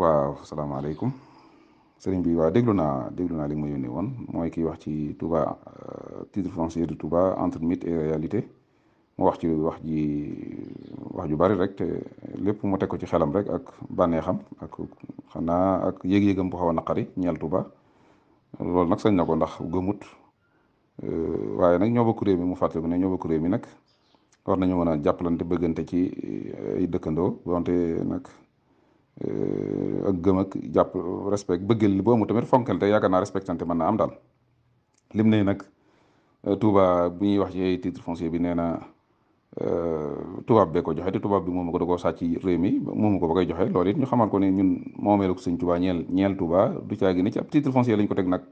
waaw salaamaaleykum sëriñ bi waaw déglu naa déglu naa li ma yónnee woon mooy kiy wax ci Touba euh, titre foncier de Touba entre mythe et réalité mu wax ci wax ji wax ju bari rek lépp mu teg ko ci xelam rek ak bànneexam ak xanaa ak yëg-yëgam bu xaw a naqari ñeel Touba loolu nag sañ na ko ndax gëmut euh, waaye nag ñoo bokk réew mi mu fàttali ko ne ñoo bokk réew nag war nañu a jàppalante bëggante ci dëkkandoo wante nag. Euh, ak gëm ak jàpp respect bëggal li boobu tamit fonkante yaakaar naa respectante mën naa am daal lim ne nag euh, Touba bu ñuy wax ci titre foncier bi nee na euh, tubaab bee ko joxe te tubaab bi moomu ko da koo ci réew mi moomu ko ba koy joxe loolu it ñu xamal ko ne ñun moomeelu ko sëñ Touba ñeel ñeel Touba du caagi ne ci ab titre foncier lañ ko teg nag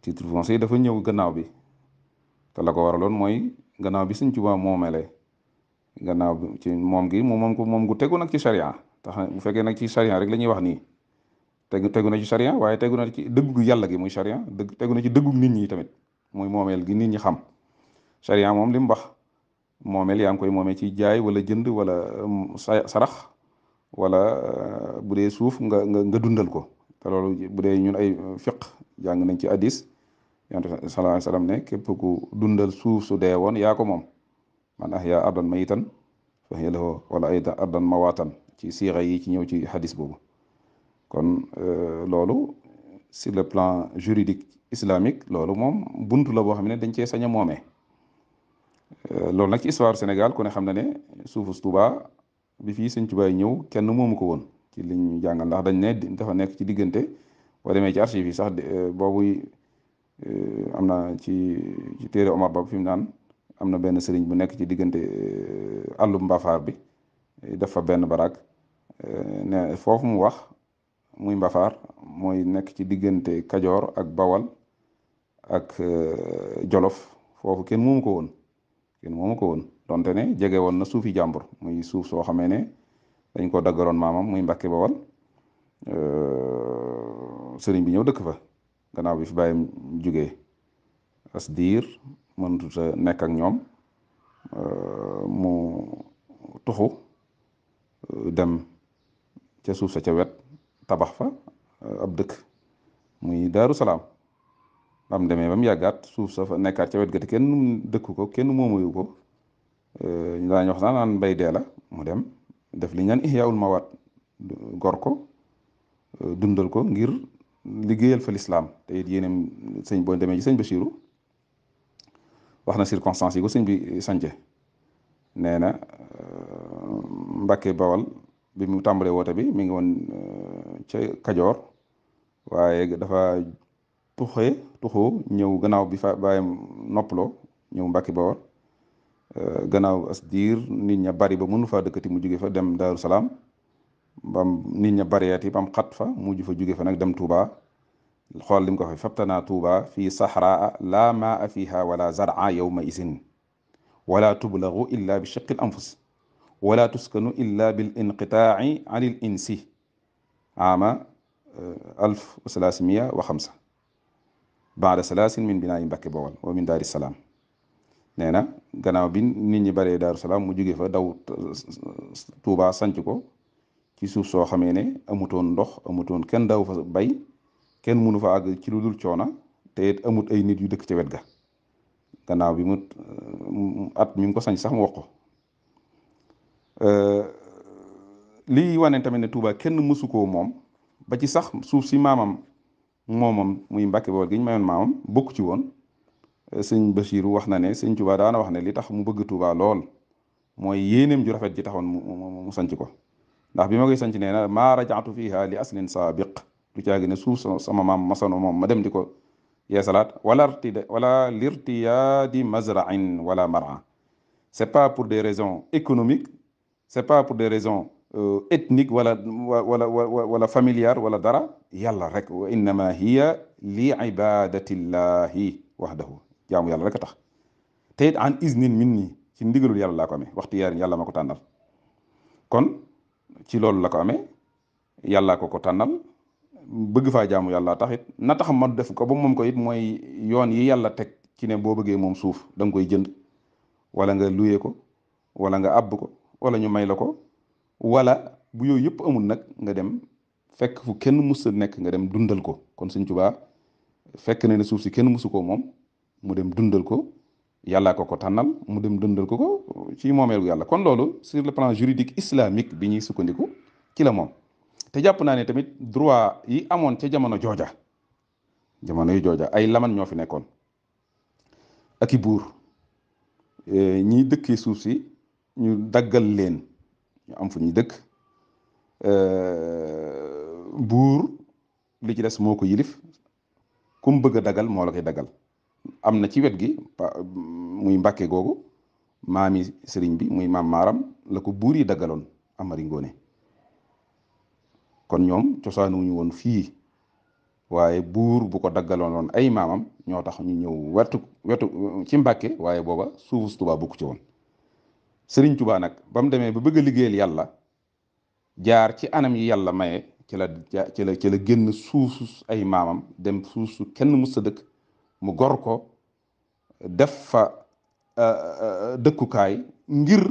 titre yi dafa ñëw gannaaw bi te la ko waraloon mooy gannaaw bi sëñ Touba moomeele gannaaw bi ci moom gi moom moom ko moom gu tegu nag ci charia tax bu fekkee nag ci sariya rek la ñuy wax nii tegu tegu na ci sariya waaye tegu na ci dëggu yàlla gi muy sariya dëgg tegu na ci dëggu nit ñi tamit muy moomeel gi nit ñi xam sariya moom li wax moomeel yaa ngi koy moomee ci jaay wala jënd wala mm, sarax wala euh, bu dee suuf nga nga dundal ko te loolu bu dee ñun ay fiq jàng nañ ci hadis yonent bi ne képp ku dundal suuf su dee woon yaa ko moom man ahya ardan mayitan fa hiya lahu wala ayda ardan mawatan ci siixa yi ci ñëw ci xadis boobu kon euh, loolu sur le plan juridique islamique loolu moom bunt la boo xam ne dañ cee saña a moomee euh, loolu nag ci histoire Sénégal ku ne xam na ne suufus Touba bi fi fii Sëñ Touba ñëw kenn moomu ko woon ci liñ ñu jàngal ndax dañ ne dafa nekk ci diggante boo demee ci archive yi sax euh, boobu am na ci ci téere Omar Ba fi mu naan am na benn sëriñ bu nekk ci diggante àllum mbafaar bi def fa benn barak eh, ne mu wax muy mbafaar mooy nekk ci diggante kajoor ak bawal ak eh, jolof foofu kenn moomu ko woon kenn moomu ko woon donte ne jege woon na suufi jàmbur muy suuf soo xamee ne dañ ko daggaloon maamam muy mbàkke bawal eh, sëriñ bi ñëw dëkk fa gannaaw bi fi bàyyam jugee as diir mënut a nekk ak ñoom mu tuxu dem ca suuf sa ca wet tabax fa euh, ab dëkk muy daaru salaam am demee ba mu yàggaat suuf sa nekkaat ca wet ga te kenn dëkku ko kenn moomuyu ko euh, ñu daañu wax naan naan mbay dee mu dem def li ñu naan ihyaul mawaat gor ko euh, dundal ko ngir liggéeyal fa lislaam te it yéenam sëñ boo demee ci sëñ Basiiru wax na circonstance yi ko sëñ bi sance nee Mbàkke Bawal bi mu tàmbalee woote bi mi ngi woon euh, ca Kajoor waaye dafa tuxee tuxoo ñëw gannaaw bi fa bàyyam noppaloo ñëw Mbàkke Bawal euh, gannaaw as nit ña bari ba mënu faa dëkkati mu jóge fa dem Daaru Salaam bam nit ña bariyaati bam xat fa mujj fa jóge fa nag dem Touba xool lim ko fa fabtanaa tuuba fii sahraa laa maa fiha wala zaraa yawma isin wala tublagu illa bi shiqil anfus wala tuskanu illa bil inqitaaci anil insi ama alf wa salaasimiya wa xamsa baada salaasin min binaayi Mbàkke Bawal wa min daari salaam nee na gannaaw bi nit ñi baree daaru salaam mu jóge fa daw Tuubaa sanc ko ci suuf soo xamee ne amutoon ndox mutoon kenn daw fa bay kenn mënu fa àgg ci lu dul coona te it amut ay nit yu dëkk ca wet ga gannaaw bi mu euh, at mi ko sanc sax mu wax Euh, lii wane tamit ne Touba kenn mësu koo moom ba ci sax suuf si maamam moomam muy Mbàkke Bawol gi ñu maam maamam bokk ci woon euh, sëñ Bachir wax na ne sëñ Touba daana wax ne li tax mu bëgg Touba lool mooy yéeneem ju rafet ji taxoon mu mu sanc ko ndax bi ma koy sanc nee na maa rajaatu fiha li aslin saabiq du caagi ne suuf sama maam masano moom ma dem di ko yeesalaat wala rtid wala lirtiyaadi mazrain wala mara c'est pas pour des raisons économiques c'est pas pour des raisons euh, ethniques wala wala wala familiales wala dara yàlla rek wa innama hiya li ibadatillahi wahdahu jaamu yàlla rek a tax te it an iznin min nii ci ndigalul yàlla laa ko amee waxtu yaarin yàlla ma ko tànnal kon ci loolu la ko amee yàllaa ko ko tànnal bëgg faa jaamu yàlla tax it na tax man def ko ba moom ko it mooy yoon yi yàlla teg ci ne boo bëggee moom suuf da koy jënd wala nga luyee ko wala nga àbb ko wala ñu may la ko wala bu yooyu yëpp amul nag nga dem fekk fu kenn musta nekk nga dem dundal ko kon Sëñ Tuubaa fekk na ne suuf si kenn musu ko moom mu dem dundal ko yàllaa ko ko tànnal mu dem dundal ko ko ci moomeel yàlla kon loolu sur le plan juridique islamique bi ñuy sukkandiku ci moom te jàpp naa ne tamit droit yi amoon ca jamono jooja jamono yi jooja ay laman ñoo fi nekkoon akibuur i buur eh, ñiy dëkkee suuf si ñu daggal leen ñu am fu ñu dëkk euh, buur li ci des moo ko yilif ku mu bëgg a dagal moo koy dagal am na ci wet gi muy mbàkke googu maami sëriñ bi muy maam maaram la ko buur yi daggaloon amari ngoone kon ñoom cosaanuñu woon fii waaye buur bu ko daggaloon ay maamam ñoo tax ñu ñëw wetu wetu ci mbàkke waaye booba suufu Tuubaa bukk ci woon sëriñ tubaa nag ba mu demee ba bëgg a liggéeyal jaar ci anam yi yàlla maye ci la ci suuf ci ay maamam dem suusu kenn musta dëkk mu gor ko def fa euh, euh, dëkkukaay ngir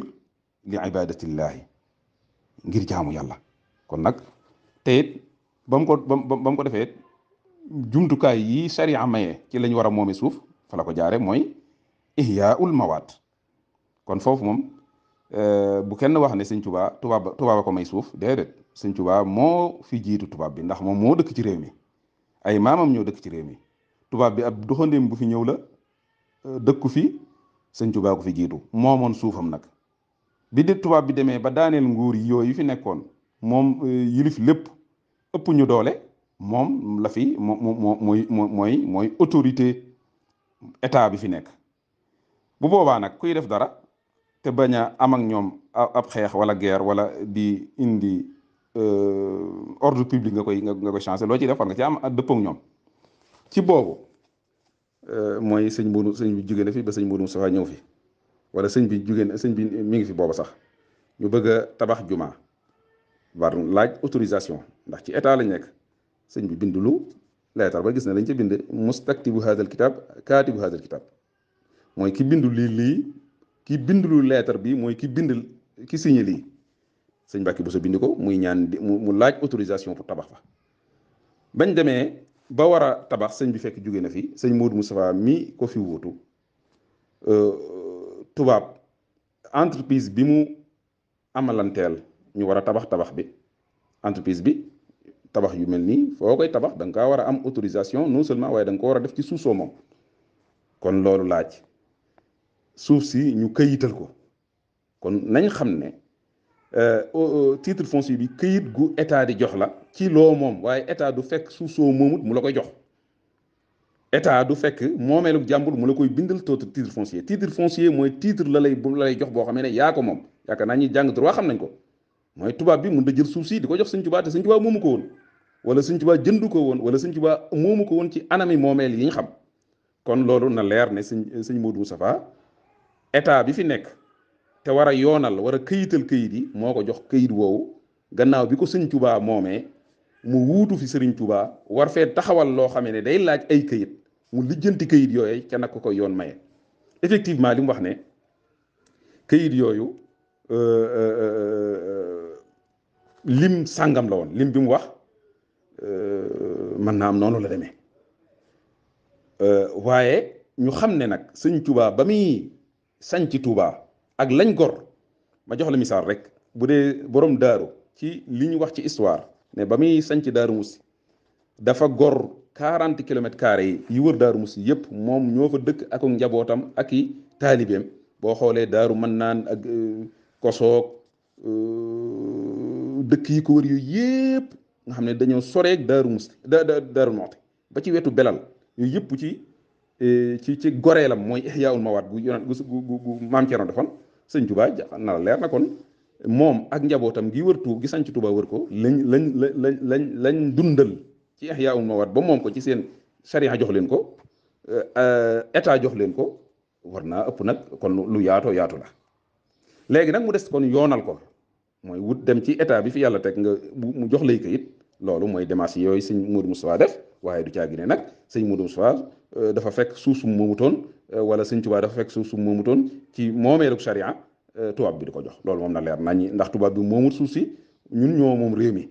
li ibadatillahi ngir jaamu yàlla kon nag te it ba mu ko ba defee it jumtukaay yi sariya maye ci lañ war a moome suuf fa ko jaare mooy ihyaul mawaat kon foofu moom Euh, bu kenn wax ne sëñ tubaa tubaab tubaaba ko may suuf déedéet sëñ tubaa moo fi jiitu tubaab bi ndax moom moo dëkk ci réew mi ay maamam ñoo dëkk ci réew mi tubaab bi ab doxandéem bu fi ñëw la euh, dëkku fi sëñ tubaa ko fi jiitu moomoon suufam nag bi de tubaab bi demee ba daaneel nguur yooyu fi nekkoon moom euh, yilif lépp ëpp ñu doole moom lafi fi moo moo mooy mooy autorité état bi fi nekk bu boobaa nag kuy def dara. te bañ a am ak ñoom ab xeex wala guerre wala di indi euh, ordre public nga koy nga koy changé loo ci def war nga ci am dëppoo ak ñoom ci boobu euh, mooy sëñ Modou sëñ bi jóge na fi ba sëñ Modou Moustapha ñëw fi wala sëñ bi jóge sëñ bi mi ngi fi boobu sax ñu bëgg a tabax juma bar laaj autorisation ndax ci état lañ nekk sëñ bi bind lu leetar ba gis na lañ ci bind mustaktibu hadal kitab kaatibu hadal kitab mooy ki bindu lii lii ki bind lu bi mooy ki bind ki signé lii sëñ Mbàkke Bousso bind ko muy ñaan mu laaj autorisation pour tabax fa bañ demee ba war a tabax sëñ bi fekk jóge na fi sëñ Modou Moustapha mi ko fi wuutu euh, tubaab entreprise bi mu amalanteel ñu war a tabax tabax bi entreprise bi tabax yu mel nii foo koy tabax da nga kaa war a am autorisation non seulement waaye da nga ko war a def ci suusoo moom kon loolu laaj suuf si ñu këyital ko kon nañ xam ne euh, titre foncier bi këyit gu état di jox la ci loo moom waaye état du fekk suuf soo moomut mu la koy jox état du fekk moomeelu jàmbur mu la koy bindal tootu titre foncier titre foncier mooy titre la lay la lay jox boo xamee ne yaa ko moom yaakaar naa ñuy jàng droit xam nañ ko mooy tubaab bi mën da jël suuf si di ko jox Sëñ Tuubaa te Sëñ Tuubaa moomu ko woon wala Sëñ Tuubaa jëndu ko woon wala suñ Tuubaa moomu ko woon ci anami moomeel yi ñu xam kon loolu na leer ne sëñ sëñ Modou Moustapha état bi fi nekk te war a yoonal war a këyital këyit yi moo ko jox këyit woowu gannaaw bi ko sëñ Touba moomee mu wuutu fi sëriñ Touba war fee taxawal loo xame ne day laaj ay këyit mu lijjanti këyit yooyu ca nag ko yoon maye effectivement li mu wax ne këyit yooyu euh, euh, euh, lim sàngam la woon lim bi mu wax mën naa am noonu la demee waaye ñu xam ne nag sëñ Touba ba muy sañc Touba ak lañ gor ma jox la misaal rek bu dee borom daaru ci li ñu wax ci histoire ne ba muy sanc daaru musi dafa gor quarante kilomètres carrés yi wër daaru mus yëpp moom ñoo fa dëkk ak njabootam ak i taalibeem boo xoolee daaru man naan ak euh, kosoog euh, dëkk yi ko wër yooyu yëpp nga xam ne dañoo soreeg daaru musi daaru moxte ba ci wetu belal yooyu yëpp ci Eh, ci ci goreelam mooy ixyaaul mawaat gu yonent gu gu gu maam Cerno defoon sëñ Tuubaa na la leer na kon moom ak njabootam gi wër tu gi sañ ci Tuubaa wër ko lañ lañ lañ lañ lañ dundal ci ixyaaul mawaat ba moom ko ci seen a jox leen ko eh, état jox leen ko war naa ëpp nag kon lu yaatoo yaatu la léegi nag mu des kon yoonal ko mooy wut dem ci état bi fi yàlla teg nga mu jox lay kayit loolu mooy démarche yooyu sëñ Modou Moustapha def waaye du caagi ne nag sëñ Modou Moustapha euh, dafa fekk suuf su moomutoon euh, wala sëñ Tuubaa dafa fekk suuf su moomutoon ci moomeelug charia euh, tubaab bi di ko jox loolu na leer nañ ndax tubaab bi moomut suuf si ñun ñoo moom réew mi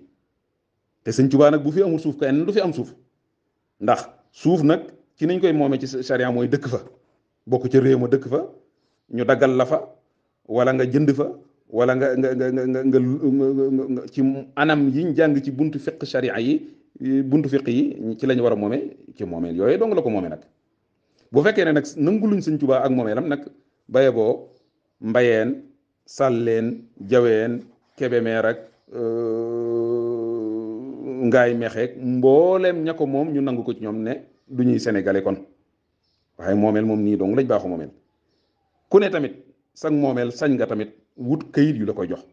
te sëñ Tuubaa nag bu fi amul suuf kenn du fi am suuf ndax suuf nag ci niñ koy moomee ci charia mooy dëkk fa bokk ca réew ma dëkk fa ñu daggal la fa wala nga jënd fa wala nga nga nga nga nga nga ci anam yiñ jàng ci buntu fiq sharia yi buntu fiq yi ci lañ war a moome ci moomeel yooyu dong la ko moome nag bu fekkee ne nag nanguluñ sëñ Tuubaa ak moomeelam nag baye boo mbayeen sàlleen jaween kebemeer ak euh, ngaay mexeek mbooleem ña ko moom ñu nangu ko ci ñoom ne du ñuy sénégalais kon waaye moomeel moom nii dong lañ baaxu moomeel ku ne tamit sag moomeel sañ nga tamit wut kayit yu la koy jox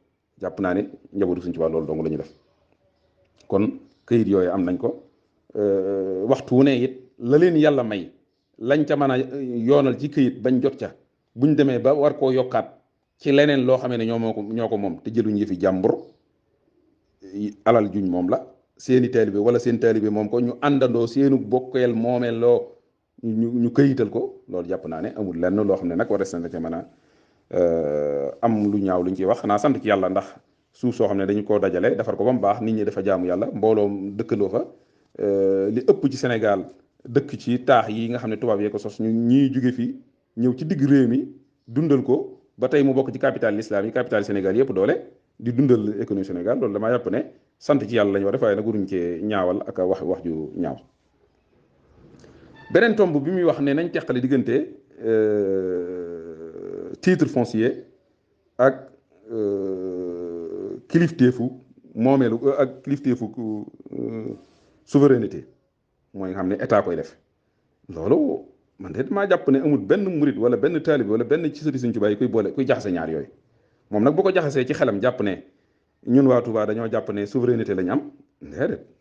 jàpp naa ne njabootu Sëñ Tuubaa loolu dong lañu def kon kayit yooyu am nañ ko euh, waxtu wu ne it la leen yàlla may lañ ca mën a euh, yoonal ci kayit bañ jot ca buñ demee ba war koo yokkaat ci leneen loo xamee ne ñoo moo ko ñoo ko moom te jëluñ yëfi jàmbur alal juñ moom la seeni taalibe wala seen taalibe moom ko ñu àndandoo seenu bokkeel moomeel loo ñu ñu kayital ko loolu jàpp naa ne amul lenn loo xam ne nag war na ca mën a euh, am lu ñaaw luñ ciy wax naa sant ci yàlla ndax suuf soo xam ne dañu koo dajale defar ko ba mu baax nit ñi dafa jaamu yàlla mbooloom dëkkandoo fa euh, li ëpp ci Sénégal dëkk ci taax yi nga xam ne tubaab yee ko sos ñu jóge fi ñëw ci digg réew mi dundal ko ba tey mu bokk ci capital l'islam yi capital Sénégal yëpp doole di dundal économie Sénégal loolu damaa yàpp ne sant ci yàlla lañu war def waaye nag waruñ cee ñaawal ak wax wax ju ñaaw beneen tomb bi muy wax ne nañ teqale diggante euh, titre foncier Euh, euh, ak kilifteefu ko ak kilifteefu souveraineté mooy nga xam ne état koy def loolu man de maa jàpp ne amul benn murit wala benn taalib wala benn ci sëriñ Sëriñ Tuubaa yi boole kuy jaxase ñaar yooyu moom nag boo ko jaxasee ci xelam jàpp ne ñun waa Touba dañoo jàpp ne souveraineté la ñu am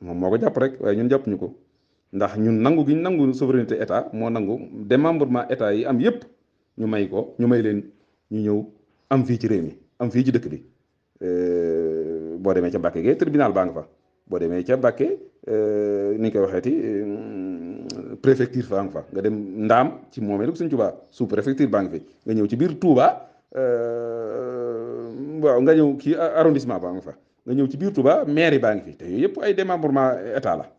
moom moo ko jàpp rek waaye ñun jàpp ñu ko ndax ñun nangu gi ñu nangu souveraineté état moo nangu démembrement état yi am yépp ñu may ko ñu may leen ñu ñëw am fii ci réew am fii ci dëkk bi euh, boo demee ca Mbàkke gee tribunal baa nga fa boo demee ca Mbàkke euh, ni ñu koy waxeeti euh, préfecture baa nga fa nga dem ndaam ci moomeelu Sëñ Tuubaa sous préfecture baa nga nga ñëw ci biir Touba waaw nga ñëw kii arrondissement baa nga fa nga ñëw ci biir Touba mairie baa ngi fi te yooyu yëpp ay démembrement état la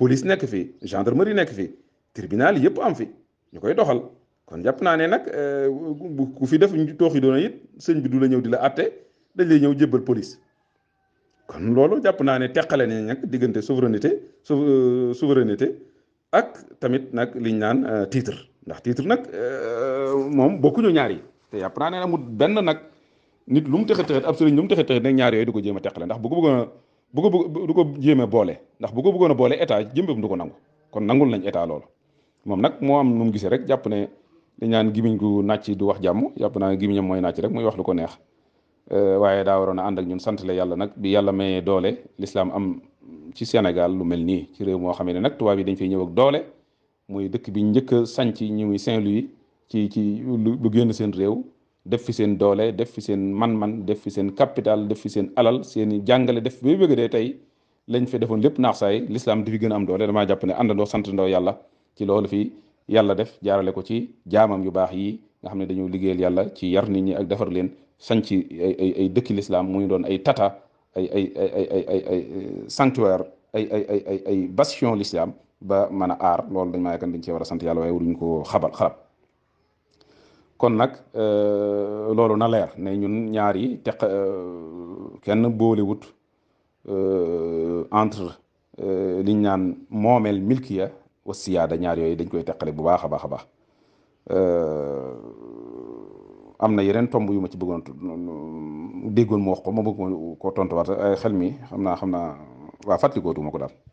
police nekk fi gendarmerie nekk fi tribunal yëpp am fi ñu koy doxal kon jàpp naa ne nag ku euh, fi def tooxi doona it sëñ bi du la ñëw di la atte dañ lay ñëw jébbal police kon loolu jàpp naa ne teqale ne nag diggante souveraineté euh, souveraineté ak tamit nag liñ naan euh, tiitre ndax tiitre nag moom bokkuñu ñaar yi te jàpp naa ne mu benn nag nit lu mu tëxat tëxat ab sëriñ lu mu tëxat tëxat ñaar yooyu du ko jéem a teqale ndax bu ko bëggoon bu ko du ko boole ndax bu ko bëggoon a boole état jëmbam du ko nangu kon nangul nañ eta loolu nag moo am nu rek jàpp ne li ñaan gimiñ gu nàcc du wax jàmm yàpp naa gimiñam mooy nàcc rek muy wax lu ko neex euh, waaye daa waroon a ànd ak ñun sant la yàlla nag bi yàlla mayee doole lislaam am ci Sénégal lu mel nii ci réew moo xam ne nag tubaab yi dañ fay ñëw ak doole muy dëkk bi njëkk a sanc ñu muy Saint-Louis ci ci lu a seen réew def fi seen doole def fi seen man-man def fi seen capital def fi seen alal seeni i jàngale def ba bëgg dee tey lañ fe defoon lépp naax saay lislaam di fi gën a am doole damaa jàpp ne àndandoo sant ndoo yàlla yàlla def jaarale ko ci jaamam yu baax yi nga xam ne dañoo liggéeyal yàlla ci yar nit ñi ak defar leen sanc ay ay ay dëkki lislaam muy doon ay tata ay ay ay ay ay ay sanctuaire ay ay ay ay ay bastion lislaam ba mën a aar loolu dañ maa yaakaar dañ cee war a sant yàlla waaye waruñu ko xabal xarab kon nag euh, loolu na leer ne ñun ñaari yi teq euh, kenn boolewut euh, entre liñ naan moomeel milkiya wa siyaada ñaar yooyu dañ koy teqale bu baax a baax a baax euh, am na yeneen tomb yu ma ci bëggoon déggoon mu wax ko ma bëgg ko tontuwaat xel mi xam naa xam naa waa fàttalikootuma ko daal